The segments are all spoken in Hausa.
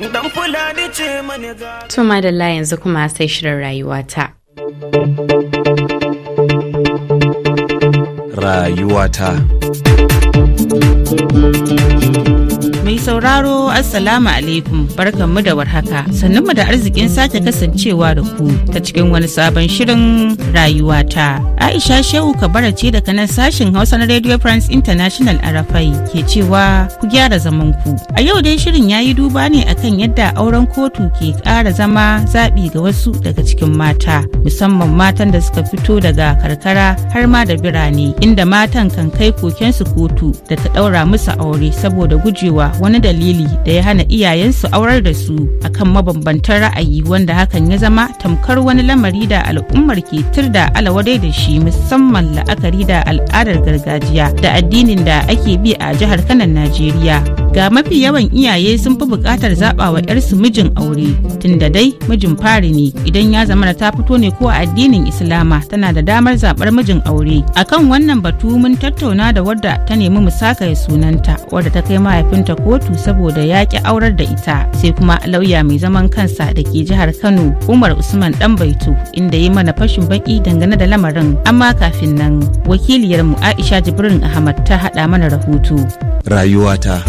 Dan fulani ce mani Tuma da yanzu kuma sai shirin rayuwata. Rayuwata. Mai sauraro Assalamu alaikum barkanmu da warhaka sannunmu da arzikin sake kasancewa da ku ta cikin wani sabon shirin rayuwata. Aisha Shehu Kabara ce daga nan sashin Hausa na Radio France International Arafai ke cewa ku gyara zaman ku. A yau dai shirin ya yi duba ne akan yadda auren kotu ke ƙara zama zaɓi ga wasu daga cikin mata musamman matan da suka fito daga karkara har ma da birane inda matan kan kai koke su kotu da ta ɗaura musu aure saboda gujewa wani dalili da ya hana iyayensu aurar da su akan mabambantan ra'ayi wanda hakan ya zama tamkar wani lamari da al'ummar ke tir da alawadai da shi musamman la'akari da al'adar gargajiya da addinin da ake bi a jihar kanan najeriya ga mafi yawan iyaye sun fi buƙatar zaɓa wa 'yarsu mijin aure tunda dai mijin fari ne idan ya zama ta fito ne ko a addinin islama tana da damar zaɓar mijin aure akan wannan batu mun tattauna da wadda ta nemi musakaya sunanta wadda ta kai mahaifinta kotu saboda ya ƙi aurar da ita sai kuma lauya mai zaman kansa da ke jihar kano umar usman dan baitu inda ya mana fashin baki dangane da lamarin amma kafin nan wakiliyar mu aisha jibrin ahmad ta haɗa mana rahoto rayuwata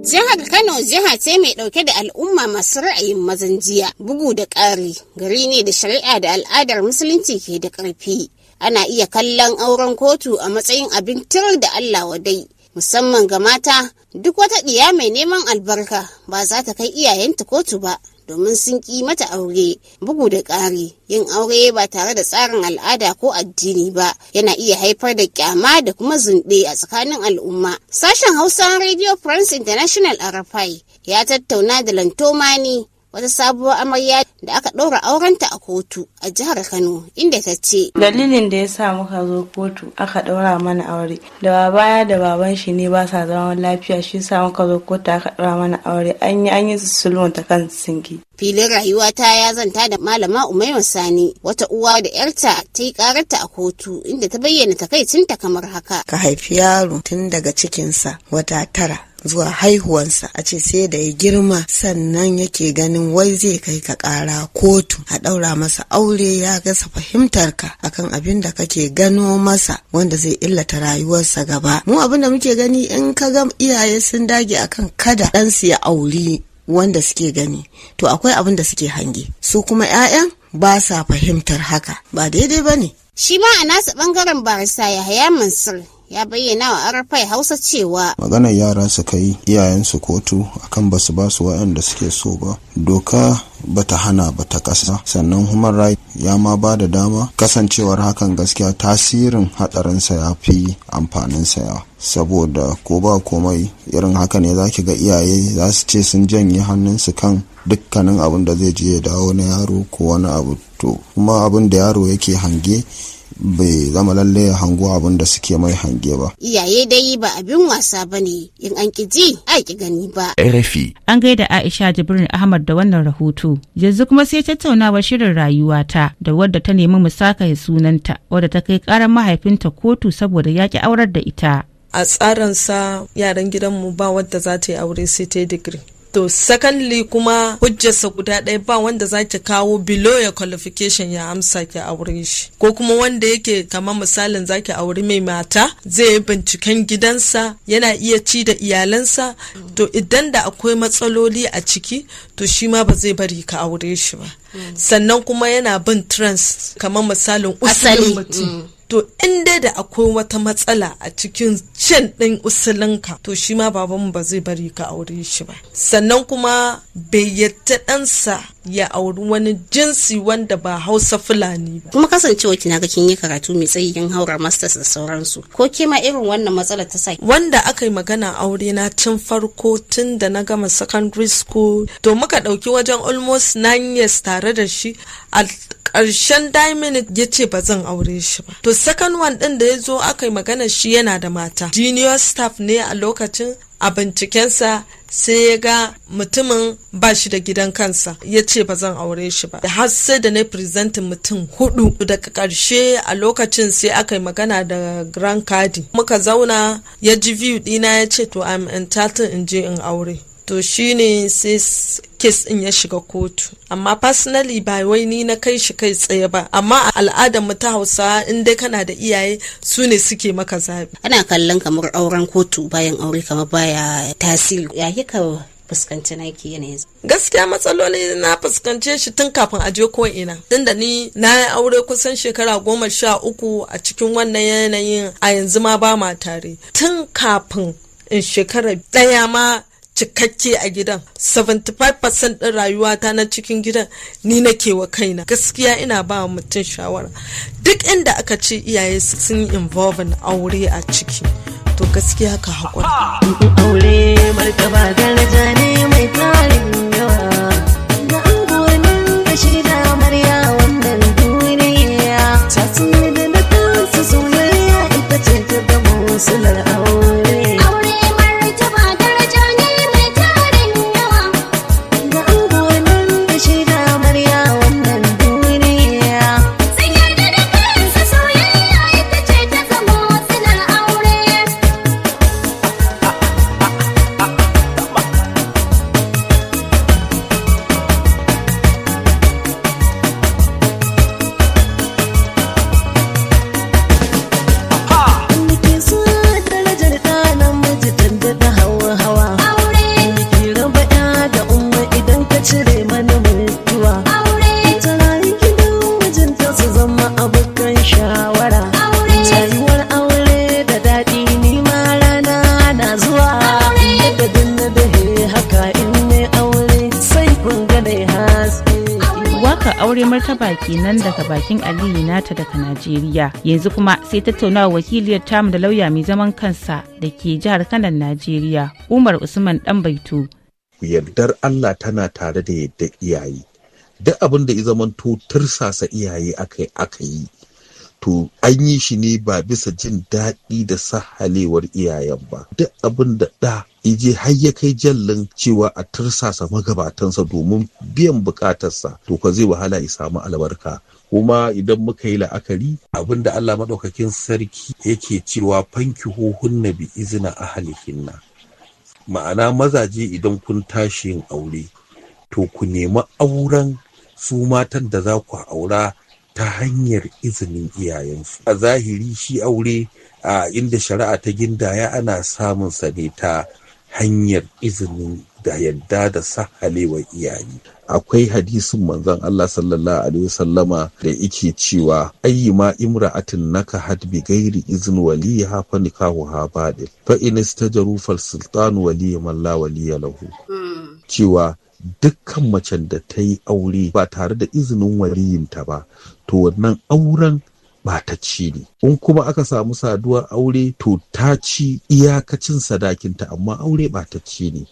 Jihar Kano jiha ce mai ɗauke da al'umma masu ra'ayin mazan jiya, bugu da ƙari, gari ne da shari'a da al'adar musulunci ke da ƙarfi. ana iya kallon auren kotu a matsayin abin tir da Allah wa wadai musamman ga mata duk wata ɗiya mai neman albarka ba za ta kai iyayenta kotu ba domin sun ƙi mata aure bugu da ƙari yin aure ba tare da tsarin al'ada ko addini ba yana iya haifar da kyama da kuma zunɗe a tsakanin al'umma sashen hausa radio france international arafai ya tattauna da lantomani wata sabuwar amarya da aka ɗaura aurenta a kotu a jihar Kano inda ta ce. Dalilin da ya sa muka zo kotu aka ɗaura mana aure da baya da baban shi ne ba sa zaman lafiya shi sa muka zo kotu aka ɗaura mana aure an yi an yi ta kan sinki. Filin rayuwa ta ya zanta da malama Umaima Sani wata uwa da yarta ta yi kararta a kotu inda ta bayyana takaicinta kamar haka. Ka haifi yaro tun daga cikinsa wata tara zuwa haihuwansa a ce sai da ya girma sannan yake ganin wai zai kai ka kara kotu a ɗaura masa aure ya gasa fahimtar ka akan abin da kake gano masa wanda zai illata rayuwarsa gaba mu abin da muke gani in ka ga iyaye sun dage akan kada ɗansu ya auri wanda suke gani to akwai abin da suke hange su kuma ƴaƴan ba sa fahimtar haka ba daidai ba ne shi ma a nasa ɓangaren barisa yahaya mansur ya bayyana wa arafai hausa cewa maganar yara suka yi iyayensu kotu akan ba basu basu waɗanda suke so ba doka ba ta hana ba ta ƙasa sannan human rights ya ma ba da dama kasancewar hakan gaskiya tasirin hatsarinsa ya fi amfaninsa ya saboda ko ba komai irin haka ne za ki ga iyaye za su ce sun janye hannunsu kan dukkanin abin da zai je ya dawo na yaro ko wani abu to kuma abin da yaro yake hange bai zama lalle hango abin da suke mai hange ba. Iyaye dai ba abin wasa ba ne in an ki ji a ki gani ba. RFI. An gaida Aisha Jibrin Ahmad da wannan rahoto. Yanzu kuma sai tattaunawar shirin rayuwata da wadda ta nemi ya sunanta wadda ta kai karar mahaifinta kotu saboda ya ki aurar da ita. A tsarinsa yaran gidanmu ba wadda za ta yi aure sai ta digiri. to secondly kuma hujjarsa guda ɗaya ba wanda za ki kawo below your qualification ya amsa ki aure shi ko kuma wanda yake kamar misalin za ki aure mai mata zai yi binciken gidansa yana iya ci da iyalansa to idan da akwai matsaloli a ciki to shi ma ba zai bari ka aure shi ba mm. sannan kuma yana bin trans kamar misalin usulin mutum mm. to in dai da akwai wata matsala a cikin cin ɗin usulinka to shi ma babanmu ba zai bari ka aure shi ba sannan kuma bai yadda ɗansa ya auri wani jinsi wanda ba hausa fulani ba kuma kasancewa kina ga kin yi karatu mai tsayi kin haura masters da sauransu ko ke ma irin wannan matsala ta sa wanda aka yi magana aure na tun farko tun da na gama secondary school to muka ɗauki wajen almost nine years tare da shi karshen diamond ya ce ba zan aure shi ba to second one din da ya zo aka yi magana shi yana da mata junior staff ne a lokacin a bincikensa sai ya ga mutumin ba shi da gidan kansa ya ce ba zan aure shi ba da har sai da na presentin mutum hudu daga karshe a lokacin sai aka yi magana da grand cardi muka zauna ya ji view dina ya ce to i'm entitled in je in aure to shine sai kes din ya shiga kotu amma personally ba wai ni na kai shi kai tsaye ba amma al'adar mu ta hausa in dai kana da iyaye su ne suke maka zabi ana kallon kamar auren kotu bayan aure kamar baya tasiri ya kika fuskanci naki yanayin gaskiya matsaloli na fuskance shi tun kafin aje ko ina tunda ni na aure kusan shekara goma sha uku a cikin wannan yanayin a yanzu ma ba ma tare tun kafin in shekara daya ma cikakke a gidan 75% ɗin rayuwata na cikin gidan ni nake wa kaina gaskiya ina ba mutum shawara duk inda aka ce iyaye sun yi involving aure a ciki to gaskiya ka haƙura Garba kenan daga bakin Aliyu nata daga Najeriya. Yanzu kuma sai tattaunawa wakiliyar tamu da lauya mai zaman kansa da ke jihar Kanan Najeriya, Umar Usman Dan Baitu. Yardar Allah tana tare da yadda iyaye. Duk abin da ya zamanto tursasa iyaye aka yi to an yi shi ne ba bisa jin daɗi da sahalewar iyayen ba duk abin da ɗa ije har ya kai jallin cewa a tursasa magabatansa domin biyan bukatarsa to ka zai wahala ya samu albarka kuma idan muka yi la'akari abinda Allah maɗaukakin sarki yake cewa fanki na bi izina a na" ma'ana mazaje idan kun tashi yin aure to ku nemi auren su matan da za ku aura ta hanyar izinin iyayensu a zahiri shi aure a inda shari'a ta gindaya ana samun sa ne ta hanyar izinin da yadda da sahalewar iyaye akwai hadisin manzon Allah sallallahu alaihi wasallama da yake cewa ayi ma imra'atin naka had bi gairi izin waliha fa nikahu ha badil fa in istajaru fal sultan wali man la waliya lahu hmm. cewa dukkan macen da ta yi aure ba tare da izinin waliyinta ba to wannan auren ba ta ci ne in kuma aka samu saduwar aure to ta ci iyakacin sadakinta amma aure ba ta ci ne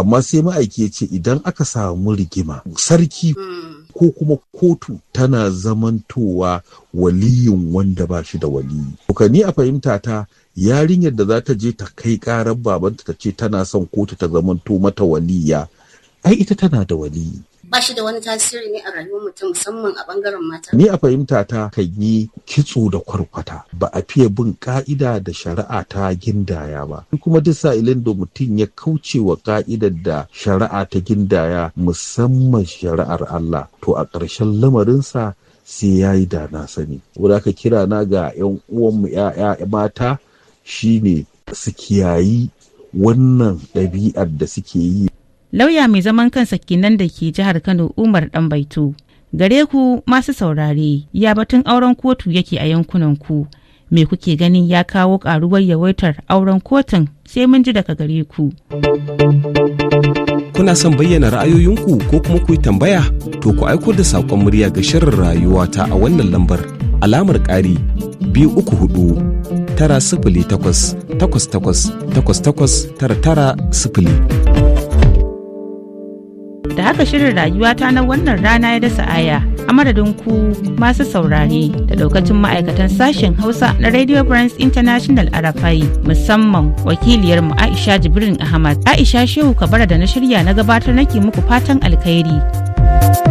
amma sai ma'aiki ya ce idan aka samu rigima sarki ko kuma kotu tana zamantowa waliyin wanda ba shi da waliyi. Kuka ni a fahimta ta yarinyar da za ta je ta kai karar babanta ta ce tana son kotu ta zamanto mata waliya ai ita tana da wali ba shi da wani tasiri ne a rayuwar mutum musamman a bangaren mata. Ni a fahimta ta kan yi kitso da kwarkwata ba a fiye bin ka'ida da shari'a ta gindaya ba. Kuma duk sa'ilin da mutum ya kauce wa ka'ida da shari'a ta gindaya musamman shari'ar Allah to a ƙarshen lamarinsa sai ya yi da na sani. Wanda ka kira na ga 'yan uwanmu 'ya'ya mata shine su kiyayi wannan ɗabi'ar da suke yi lauya mai zaman kansa kenan da ke jihar kano umar dan baito gare ku masu saurare ya batun auren kotu yake a yankunan ku me kuke ganin ya kawo karuwar yawaitar auren kotun sai mun ji daga gare ku kuna son bayyana ra'ayoyinku ko kuma ku tambaya to ku aiko da saƙon murya ga shirin rayuwa ta a wannan lambar alamar ƙari biyu uku hudu tara sifili takwas takwas takwas takwas takwas tara tara sifili da haka shirin rayuwata na wannan rana ya dasa aya a madadin ku masu saurare da daukacin ma'aikatan sashen hausa na radio france international arafai musamman wakiliyarmu aisha jibrin ahmad aisha shehu kabara da na shirya na gabatar nake muku fatan alkhairi